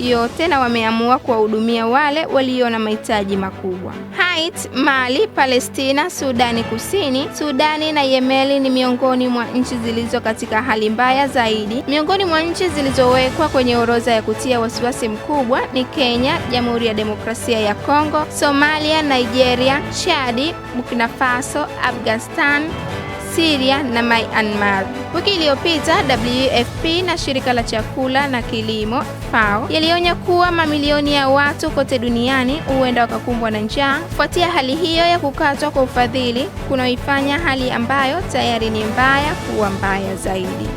yote na wameamua kuwahudumia wale walio na mahitaji makubwa. Haiti, Mali, Palestina, Sudani Kusini, Sudani na Yemeni ni miongoni mwa nchi zilizo katika hali mbaya zaidi. Miongoni mwa nchi zilizowekwa kwenye orodha ya kutia wasiwasi mkubwa ni Kenya, Jamhuri ya Demokrasia ya Kongo, Somalia, Nigeria, Chadi, Burkina Faso, Afghanistan Syria na Myanmar. Wiki iliyopita WFP na shirika la chakula na kilimo FAO yalionya kuwa mamilioni ya watu kote duniani huenda wakakumbwa na njaa kufuatia hali hiyo ya kukatwa kwa ufadhili kunaoifanya hali ambayo tayari ni mbaya kuwa mbaya zaidi.